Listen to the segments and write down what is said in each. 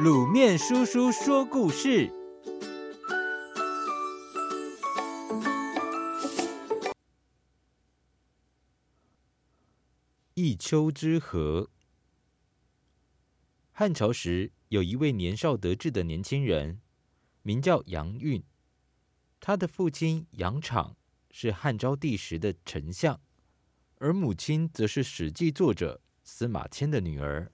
滷麵叔叔說故事：一丘之貉。漢朝時，有一位年少得志的年輕人，名叫楊惲。他的父親楊敞是漢昭帝時的丞相，而母親則是《史記》作者司馬遷的女兒。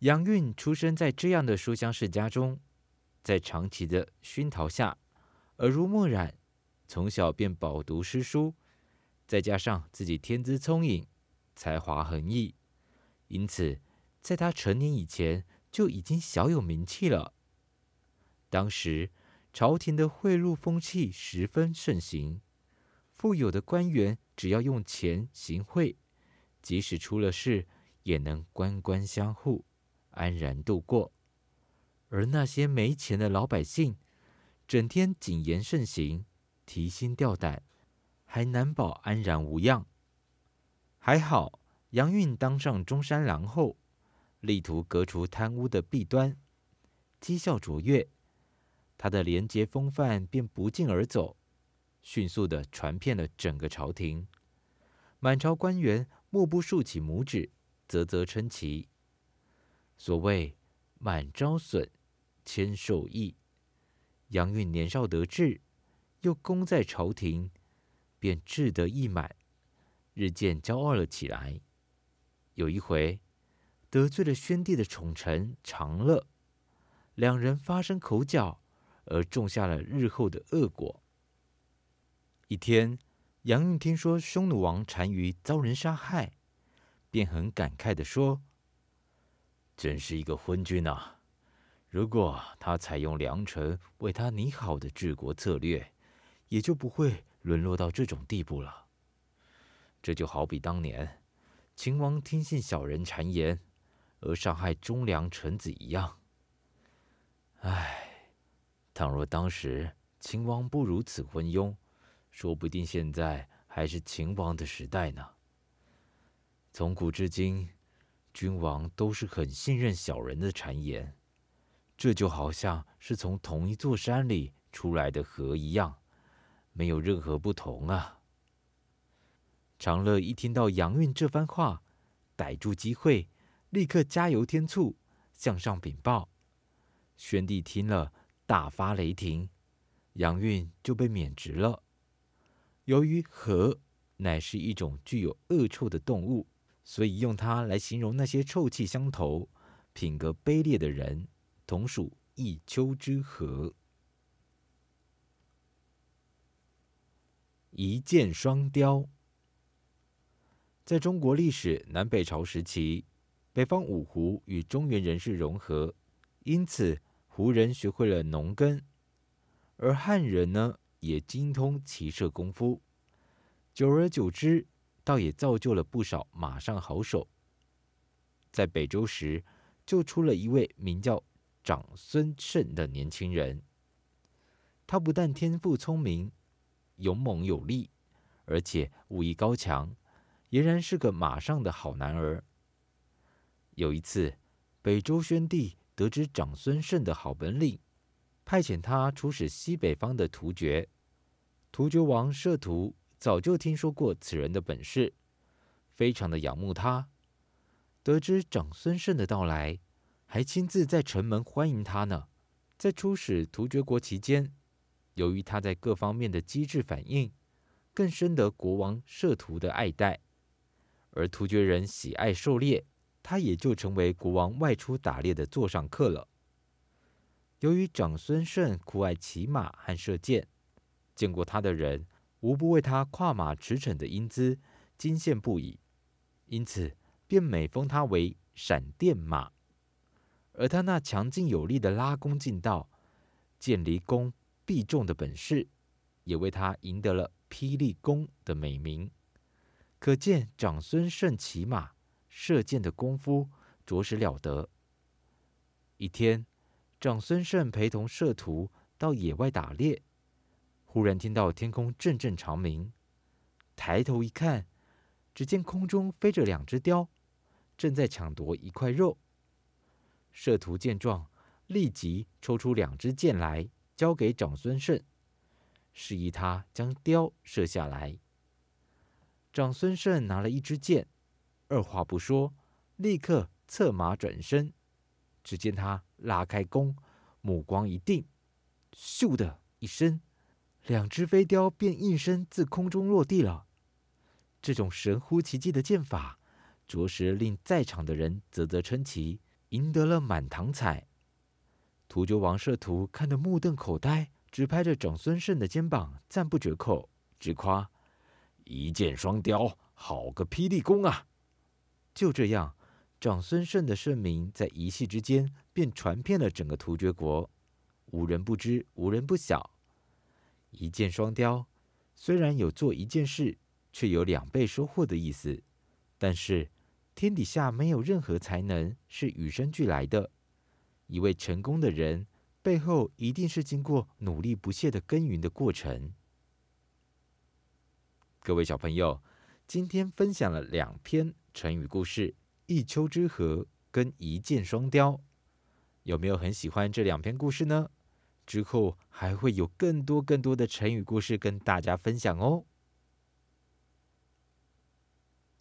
楊惲出生在這樣的書香世家中，在長期的熏陶下，耳濡目染，從小便飽讀詩書，再加上自己天資聰穎，才華橫溢，因此在他成年以前就已經小有名氣了。當時朝廷的賄賂風氣十分盛行，富有的官員只要用錢行賄，即使出了事也能官官相護。安然度過，而那些沒錢的老百姓，整天謹言慎行，提心吊膽，還難保安然無恙。還好楊運當上中山郎後，力圖革除貪汙的弊端，績效卓越，他的廉潔風範便不脛而走，迅速地傳遍了整個朝廷，滿朝官員莫不豎起拇指，嘖嘖稱奇。所謂“滿招損，謙受益”。楊運年少得志，又功在朝廷，便志得意滿，日漸驕傲了起來。有一回，得罪了宣帝的寵臣長樂，兩人發生口角，而種下了日後的惡果。一天，楊運聽說匈奴王單於遭人殺害，便很感慨地說。真是一個昏君啊！如果他採用良臣為他擬好的治國策略，也就不會淪落到這種地步了。這就好比當年秦王聽信小人讒言而傷害忠良臣子一樣。唉，倘若當時秦王不如此昏庸，說不定現在還是秦王的時代呢。從古至今，君王都是很信任小人的讒言，這就好像是從同一座山裡出來的貉一樣，沒有任何不同啊！長樂一聽到楊運這番話，逮住機會，立刻加油添醋，向上稟報。宣帝聽了大發雷霆，楊運就被免職了。由於貉乃是一種具有惡臭的動物。所以用它來形容那些臭氣相投、品格卑劣的人，同屬一丘之貉。一箭雙鵰。在中國歷史南北朝時期，北方五胡與中原人士融合，因此胡人學會了農耕，而漢人呢，也精通騎射功夫。久而久之。倒也造就了不少馬上好手。在北周時，就出了一位名叫長孫晟的年輕人。他不但天賦聰明、勇猛有力，而且武藝高強，儼然是個馬上的好男兒。有一次，北周宣帝得知長孫晟的好本領，派遣他出使西北方的突厥，突厥王攝圖，早就聽說過此人的本事，非常的仰慕他。得知長孫晟的到來，還親自在城門歡迎他呢。在出使突厥國期間，由於他在各方面的機智反應，更深得國王攝圖的愛戴。而突厥人喜愛狩獵，他也就成為國王外出打獵的座上客了。由於長孫晟酷愛騎馬和射箭，見過他的人，無不為他跨馬馳騁的英姿驚羨不已，因此便美封他為閃電馬。而他那強勁有力的拉弓勁道、箭離弓必中的本事，也為他贏得了霹靂弓的美名。可見長孫晟騎馬、射箭的功夫着實了得。一天，長孫晟陪同攝圖到野外打獵。忽然聽到天空陣陣長鳴，抬頭一看，只見空中飛着兩只雕，正在搶奪一塊肉。攝圖見狀，立即抽出兩支箭來，交給長孫晟，示意他將雕射下來。長孫晟拿了一支箭，二話不說，立刻策馬轉身。只見他拉開弓，目光一定，咻的一聲。兩隻飛雕便應聲自空中落地了。這種神乎其技的劍法，着實令在場的人嘖嘖稱奇，贏得了滿堂彩。突厥王攝圖看得目瞪口呆，直拍着長孫晟的肩膀，讚不絕口，直誇：“一箭雙雕，好個霹靂功啊！”就這樣，長孫晟的盛名在一夕之間便傳遍了整個突厥國，無人不知，無人不曉。一箭雙鵰，雖然有做一件事卻有兩倍收穫的意思，但是天底下沒有任何才能是與生俱來的。一位成功的人背後一定是經過努力不懈的耕耘的過程。各位小朋友，今天分享了兩篇成語故事：一丘之貉跟一箭雙鵰，有沒有很喜歡這兩篇故事呢？之後還會有更多更多的成語故事跟大家分享哦。